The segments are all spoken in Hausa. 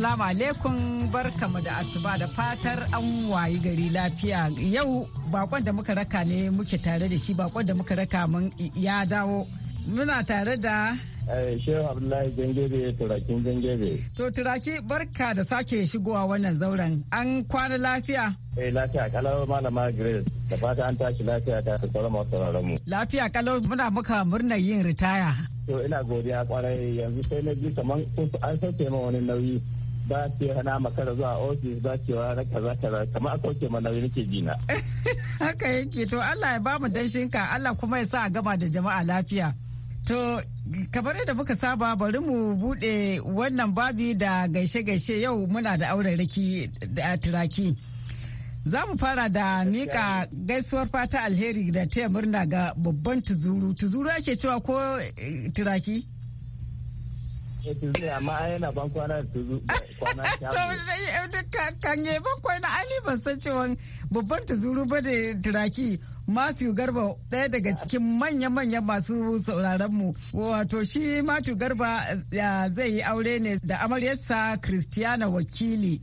Assalamu alaikum barkamu da asuba da fatar an wayi gari lafiya yau bakon da muka raka ne muke tare da shi bakon da muka raka mun ya dawo muna tare da eh, Shehu Abdullahi zangebe Turakin zangebe. To Turaki barka da sake shigowa wannan zauren an kwana lafiya? Eh lafiya kalau malama Grace da fata an tashi lafiya ta sauran masu sauraron mu. Lafiya kalau muna muka murnar yin ritaya. To ina godiya kwarai yanzu sai na ji kaman an sauke ma wani nauyi. ba cewa na makara zuwa ofis ba raka za ta raka kamar aka wuce mana ke jina. Haka yake to Allah ya ba mu ka Allah kuma ya sa a gaba da jama'a lafiya. To kamar yadda muka saba bari mu bude wannan babi da gaishe-gaishe yau muna da auren riki da turaki. Za mu fara da mika gaisuwar fata alheri da taya murna ga babban tuzuru. Tuzuru ake cewa ko eh, turaki? Eh, amma da bakwai na ali ban cewa babban tuzuru ba da turaki Matthew Garba ɗaya daga cikin manya-manyan masu sauraron mu. Wato shi Matthew Garba zai yi aure ne da amaryarsa Christiana Wakili.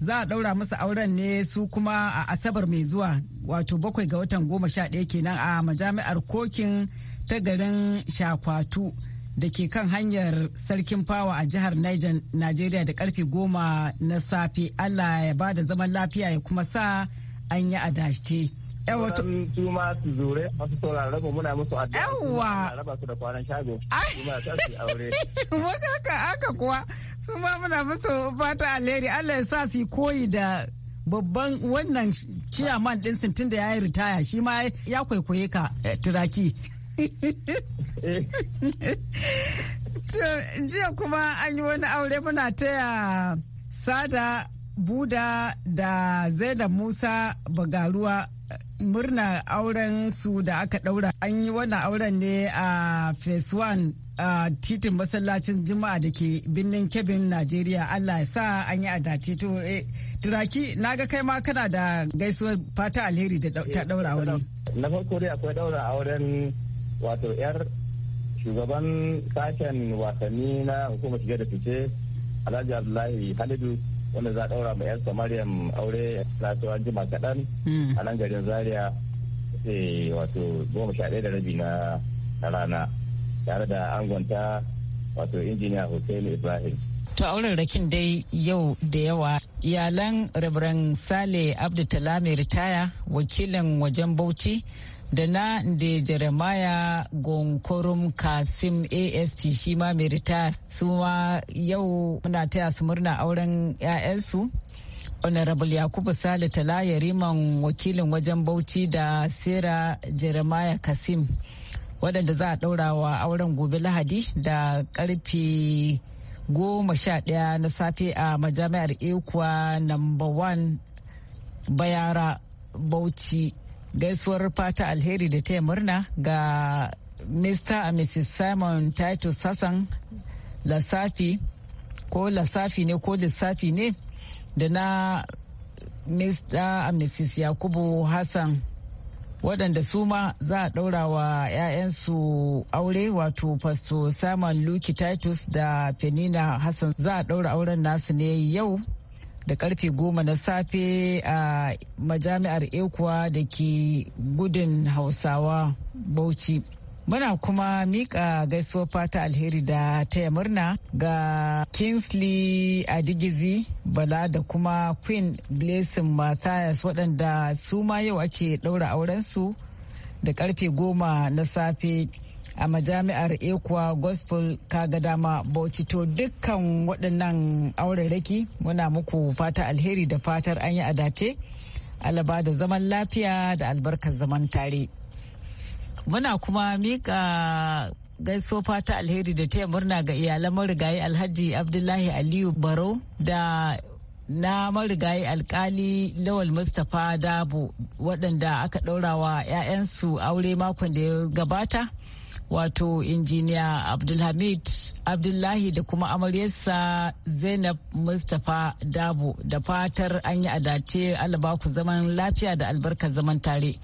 Za a ɗaura masa auren ne su kuma a Asabar mai zuwa wato bakwai ga watan goma sha ɗaya kenan a majami'ar kokin ta garin Shakwatu. da ke kan hanyar sarkin fawa a jihar Niger Najeriya da karfe goma na safe Allah ya ba da zaman lafiya ya kuma sa an yi adashte. Yawwa su ma su zure masu sauraron mu muna musu addu'a. su da kwanan shago. aure. Haka haka kuwa su ma muna musu fata alheri Allah ya sa su koyi da babban wannan ciyaman din tun da ya yi ritaya shi ma ya kwaikwaye ka eh, turaki. jiya kuma an yi wani aure muna taya sada buda da zainab musa bagaruwa murna auren su da aka daura an yi wannan auren ne a phase one a titin masallacin juma'a da ke birnin kebin najeriya allah ya sa an yi adace to eh, turaki na ga kai ma kana da gaisuwar fata alheri ta daura auren na farko dai akwai daura auren wato yar shugaban sashen wasanni na hukumar shige da fice alhaji abdullahi halidu wanda za a daura ma yarsa maryam aure na an jima kaɗan hmm. a nan garin zaria sai wato goma sha ɗaya da rabi na rana tare da angonta wato injiniya hussein ibrahim to auren rakin dai yau da yawa iyalan rabaran sale abdu talame ritaya wakilin wajen bauchi da na da jeremiah gonkorum kasim asp shi ma mai su ma yau muna taya su murna auren 'ya'yansu honorable yakubu sale talaya riman wakilin wajen bauchi da sera jeremiah kasim waɗanda za a ɗaura wa auren gobe lahadi da ƙarfe goma sha ɗaya na safe a majami'ar ekuwa number one bayara bauchi gaisuwar fata alheri da taya murna ga mr and mrs simon titus hassan lasafi ko lasafi ne ko lissafi ne da na mr and mrs yakubu hassan waɗanda su ma za a ɗaura wa 'ya'yansu aure wato pastor simon luki titus da penina hassan za a ɗaura auren nasu ne yau da karfe goma na safe a majami'ar ekuwa da ke gudun hausawa bauchi muna kuma mika gaisuwar fata alheri da taya murna ga kingsley adigizi bala da kuma queen blessing matthias waɗanda su ma yau ake ɗaura aurensu da karfe goma na safe a majami'ar ekwa gospel kaga dama bauchi to dukkan waɗannan raki muna muku fata alheri da fatar an yi dace alaba da zaman lafiya da albarkar zaman tare muna kuma mika gaiso fata alheri da taya murna ga iyalan marigayi alhaji abdullahi aliyu baro da na marigayi alkali lawal mustapha dabo waɗanda aka ɗaurawa 'ya'yansu aure makon da ya gabata wato injiniya abdulhamid abdullahi da kuma amaryarsa zainab mustapha dabo da fatar an yi adace ku zaman lafiya da albarkar zaman tare.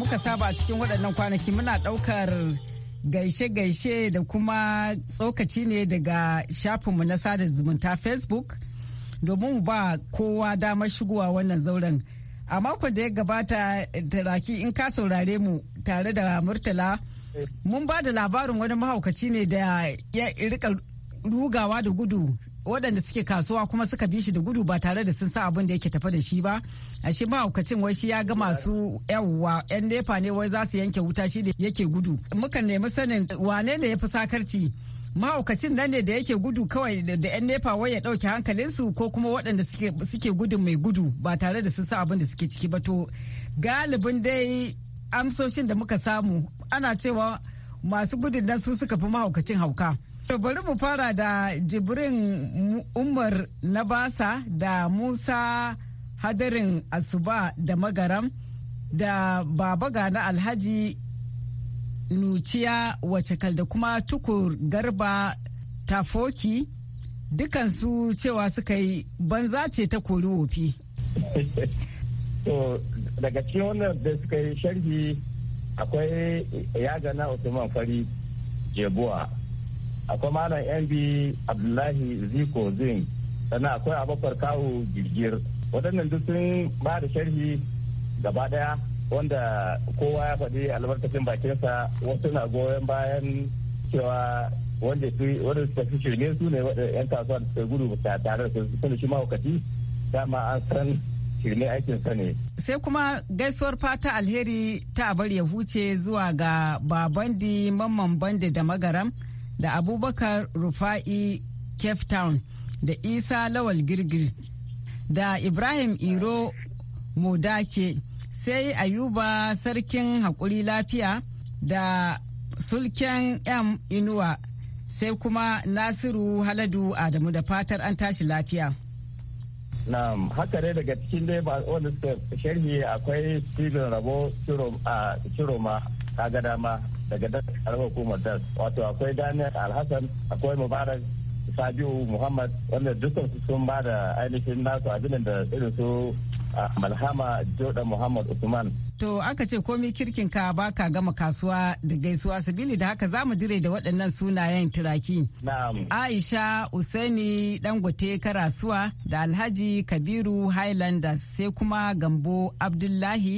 muka saba cikin waɗannan kwanaki muna ɗaukar gaishe-gaishe da kuma tsokaci ne daga shafinmu na sada zumunta facebook domin ba kowa damar shigowa wannan zauren a makon da ya gabata raki in ka saurare mu tare da murtala mun ba da labarin wani mahaukaci ne da ya rika rugawa da gudu waɗanda suke kasuwa kuma suka bi shi da gudu ba tare da sun sa abin da yake tafa da shi ba a shi mahaukacin wai shi ya ga masu yawwa yan nefa ne wai za su yanke wuta shi da yake gudu mukan nemi sanin wane ne ya fi sakarci mahaukacin nan ne da yake gudu kawai da yan nefa wai ya ɗauke hankalinsu ko kuma waɗanda suke gudun mai gudu ba tare da sun sa abin da suke ciki ba to galibin dai amsoshin da muka samu ana cewa masu gudun nan su suka fi mahaukacin hauka. To bari mu fara da jibrin umar nabasa da musa hadarin asuba da magaram da babaga na alhaji nuciya wace da kuma tukur garba tafoki dukansu cewa suka yi banza ce ta kori wofi. daga cikin wannan da suka yi sharhi akwai na usman fari jebuwa akwai malam mb abdullahi ziko zin sannan akwai abubakar kawo girgir waɗannan duk sun ba da sharhi gaba daya wanda kowa ya faɗi albarkacin bakinsa wasu na goyon bayan cewa wanda su tafi shirme su ne yan kasuwa da suka gudu ta tare da su kuma shi mahaukaci dama an san shirme aikin sa ne. Sai kuma gaisuwar fata alheri ta bari ya huce zuwa ga babandi mamman bandi da magaram da abubakar rufa'i cape town da isa lawal girgir da ibrahim iro modake sai ayuba sarkin hakuri lafiya da sulken m inuwa sai kuma nasiru haladu adamu da fatar an tashi lafiya na'am haka dai daga cikin dai ba wani sharhi akwai steven rabo ciroma ta ga dama daga da hukumar wato akwai daniel alhassan akwai mubarak sabiu muhammad wanda dukkan su sun ba da ainihin nasu abin da irin su malhama joda muhammad usman to aka ce komi kirkin ka baka gama kasuwa da gaisuwa sabili da haka zamu dire da waɗannan sunayen turaki na'am aisha usaini dangote karasuwa da alhaji kabiru highlanders sai kuma gambo abdullahi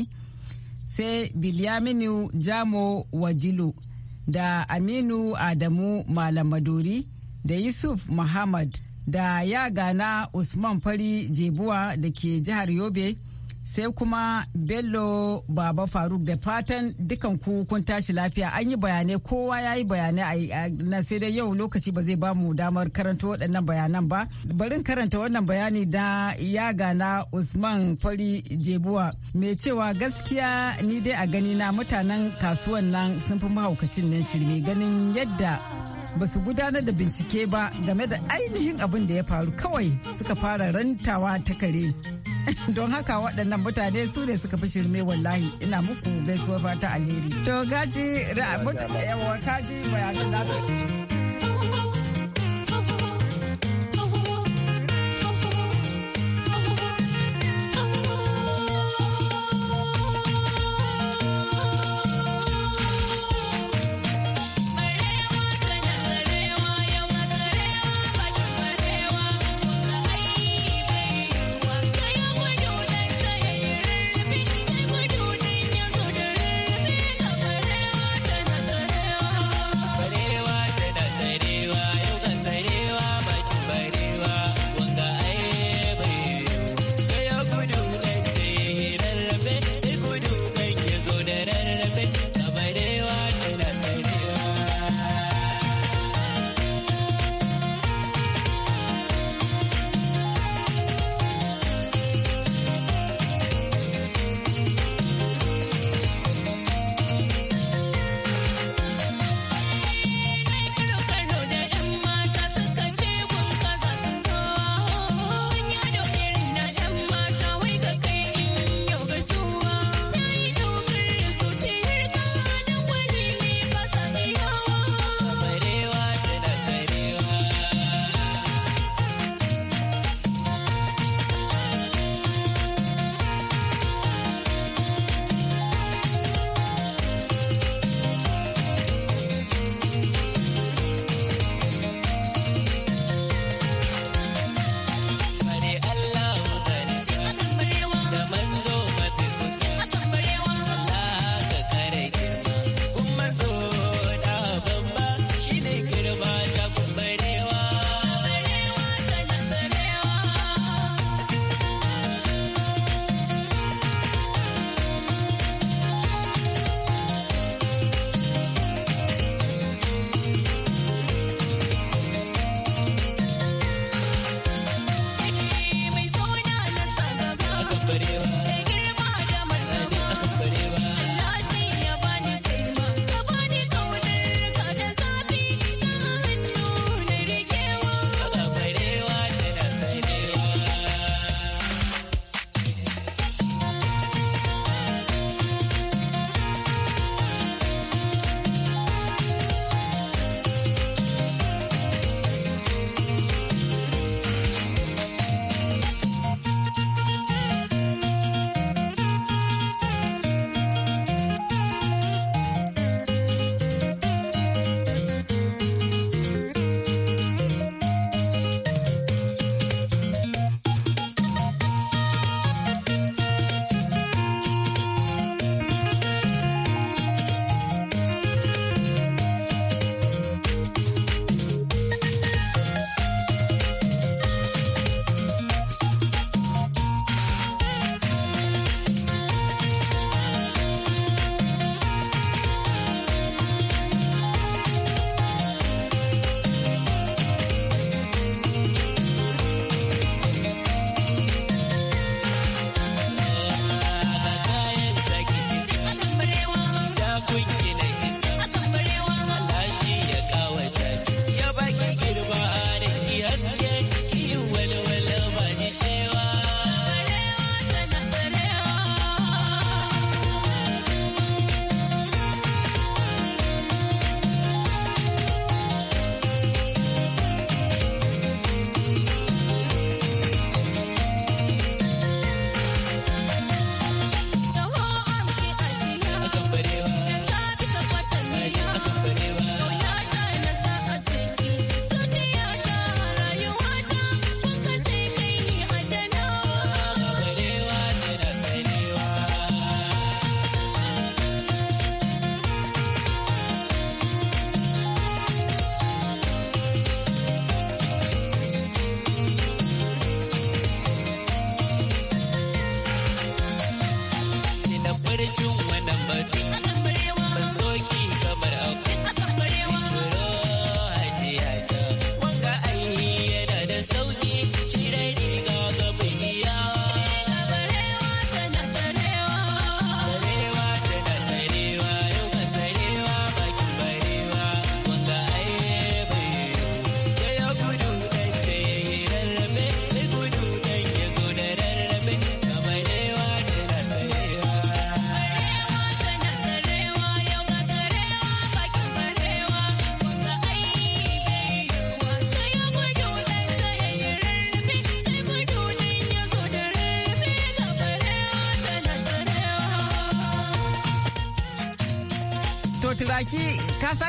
sai bilyaminu jamo wajilu da aminu adamu malam da yusuf muhammad da ya gana usman fari jebuwa da ke jihar yobe sai kuma bello baba faruk da fatan dukan ku kun tashi lafiya an yi bayanai kowa ya yi bayanai a sai dai yau lokaci ba zai ba mu damar karanta waɗannan bayanan ba barin karanta wannan bayani da yaga na usman fari jebuwa mai cewa gaskiya ni dai a gani na mutanen kasuwan nan sun fi mahaukacin nan shirme ganin yadda ba su gudanar da bincike ba game da ainihin abin da ya faru kawai suka fara rantawa ta kare don haka waɗannan mutane su ne suka fi shirme wallahi ina muku gaisuwar fata alheri to gaji kaji bayanan nasu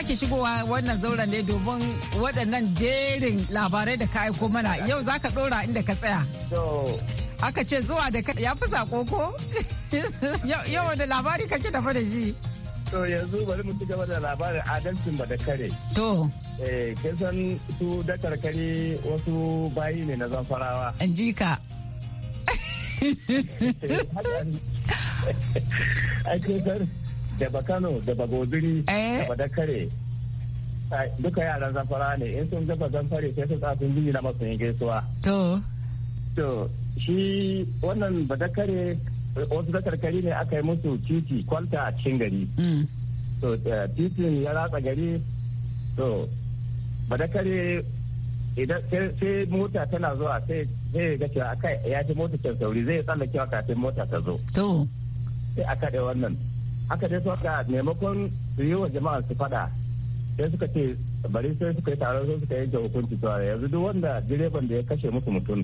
sake shigowa wannan zauren ne domin waɗannan jerin labarai da ka aiko mana yau za ka ɗora inda ka tsaya. Aka ce zuwa da ka ya fi sako ko? Yau wani labari ka kake tafa da shi. To yanzu bari mu ci gaba da labarin adalcin ba da kare. To. Eh, kin san su da karkare wasu bayi ne na zamfarawa. An ji ka. Ai, kin da Kano da goziri da eh. badakare duka yaran zamfara ne in sun gaba zamfare sai sun tsafin jini na masu yanke gaisuwa to to shi wannan badakare wasu da karkari ne aka yi musu titi kwalta a cikin gari mm. to titin ya ratsa gari to badakare idan sai mota tana zuwa sai zai ga cewa aka ya ji mota can sauri zai tsallake wa kafin mota ta zo to sai aka da wannan haka dai haka maimakon su yi wa jama'a su fada sai suka ce bari sai suka yi taron sai suka yanke hukunci cewa yanzu duk wanda direban da ya kashe musu mutum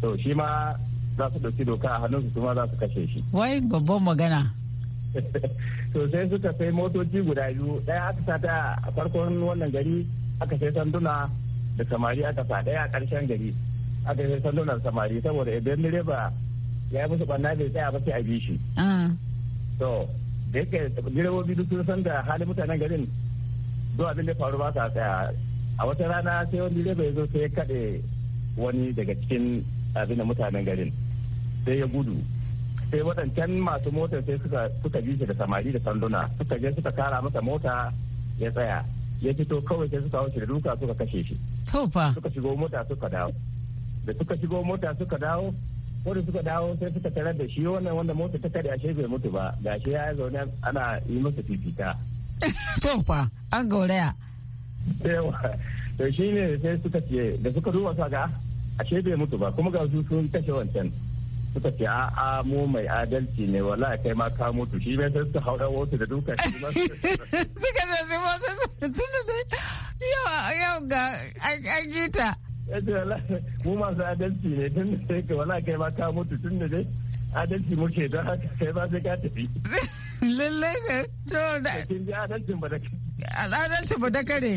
to shi ma za su ɗauki doka a hannunsu su ma za su kashe shi. wai babban magana. to sai suka sai motoci guda biyu ɗaya aka sa ta a farkon wannan gari aka sai sanduna da samari aka sa ɗaya a ƙarshen gari aka sai sanduna samari saboda idan direba ya yi musu ɓanna bai tsaya ba sai a bi shi. Ah. da yake direbobi duk sun san da halin mutanen garin zuwa abin da faru ba sa tsaya a wata rana sai wani direba ya zo sai ya kaɗe wani daga cikin abin da mutanen garin sai ya gudu sai waɗancan masu mota sai suka bi shi da samari da sanduna suka je suka kara masa mota ya tsaya ya fito kawai sai suka wuce da duka suka kashe shi suka shigo mota suka dawo da suka shigo mota suka dawo wanda suka dawo sai suka tarar da shi wannan wanda mota ta kare ashe bai mutu ba ga shi ya zaune ana yi masa fifita to fa an gauraya to shi ne sai suka ce da suka duba su ga ashe bai mutu ba kuma ga su sun kashe wancan suka ce a a mu mai adalci ne wala kai ma ka mutu shi bai sai suka haura wata da duka shi ba suka da shi ba sai yau ga an gita mu masu adalci ne tun da sai ka wala kai ma ka mutu tun da dai adalci muke don haka kai ba sai ka tafi. Lallai ne, to da. Kin ji adalcin ba da kare. Adalcin ba da kare.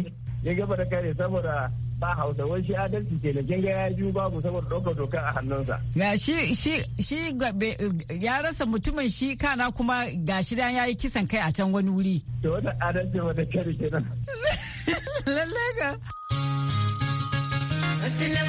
Ya ga ba da kare saboda ba hausa wai shi adalci ke kin ga ya yi babu saboda ɗaukar doka a hannunsa. Ga shi shi shi ya rasa mutumin shi kana kuma ga shi dan yayi kisan kai a can wani wuri. To wata adalci ba da kare kenan. Lallai ne. Maria.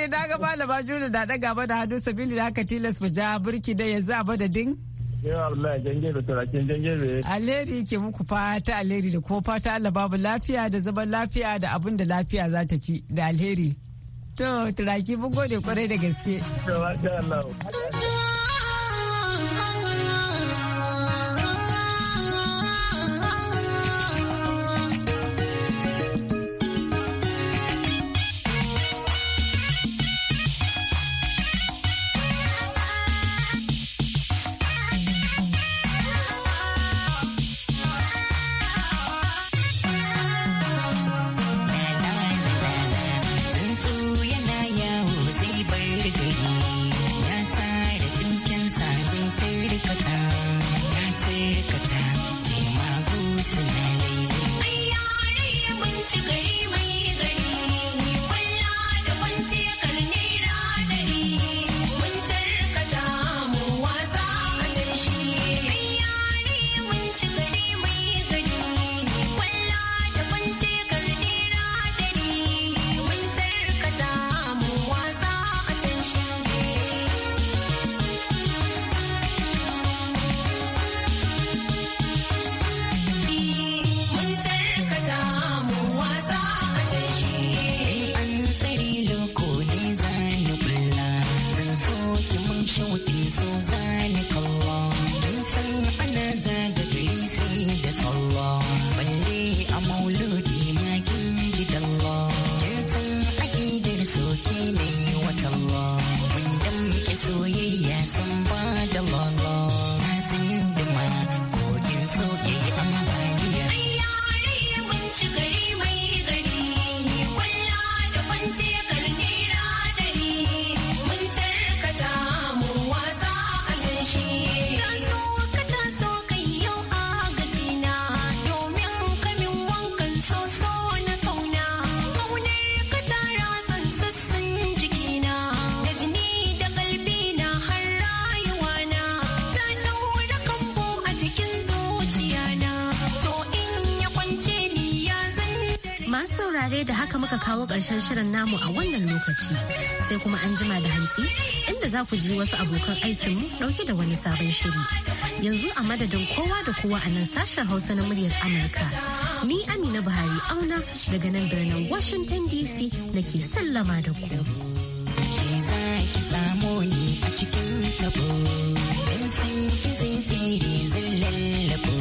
ke na ga malama juna da daga gaba da hadu sabili da aka tilas mu ja burki da yanzu a din Yau Allah da turakin Alheri ke muku fata alheri da ko fata Allah babu lafiya da zaman lafiya da abin da lafiya za ta ci da alheri. To turaki mun gode kwarai da gaske. Da Allah. kawo ƙarshen shirin namu a wannan lokaci sai kuma an jima da hantsi inda za ku ji wasu abokan aikinmu ɗauke da wani sabon shiri. Yanzu a madadin kowa da kowa a nan sashen Hausa na muryar Amurka. Ni Amina Buhari auna daga nan birnin Washington DC nake sallama da ku. cikin tabo, in sun ki zai zai zai